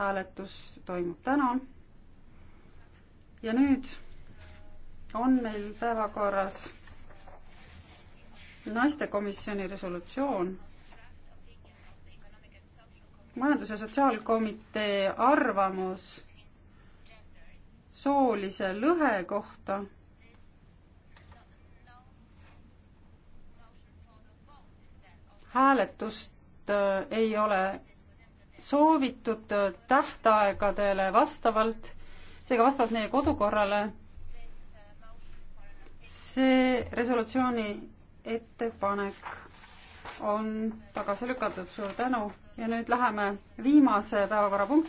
hääletus toimub täna. ja nüüd on meil päevakorras naistekomisjoni resolutsioon. majandus- ja Sotsiaalkomitee arvamus soolise lõhe kohta. hääletust äh, ei ole soovitud tähtaegadele vastavalt, seega vastavalt meie kodukorrale, see resolutsiooni ettepanek on tagasi lükatud, suur tänu, ja nüüd läheme viimase päevakorrapunkti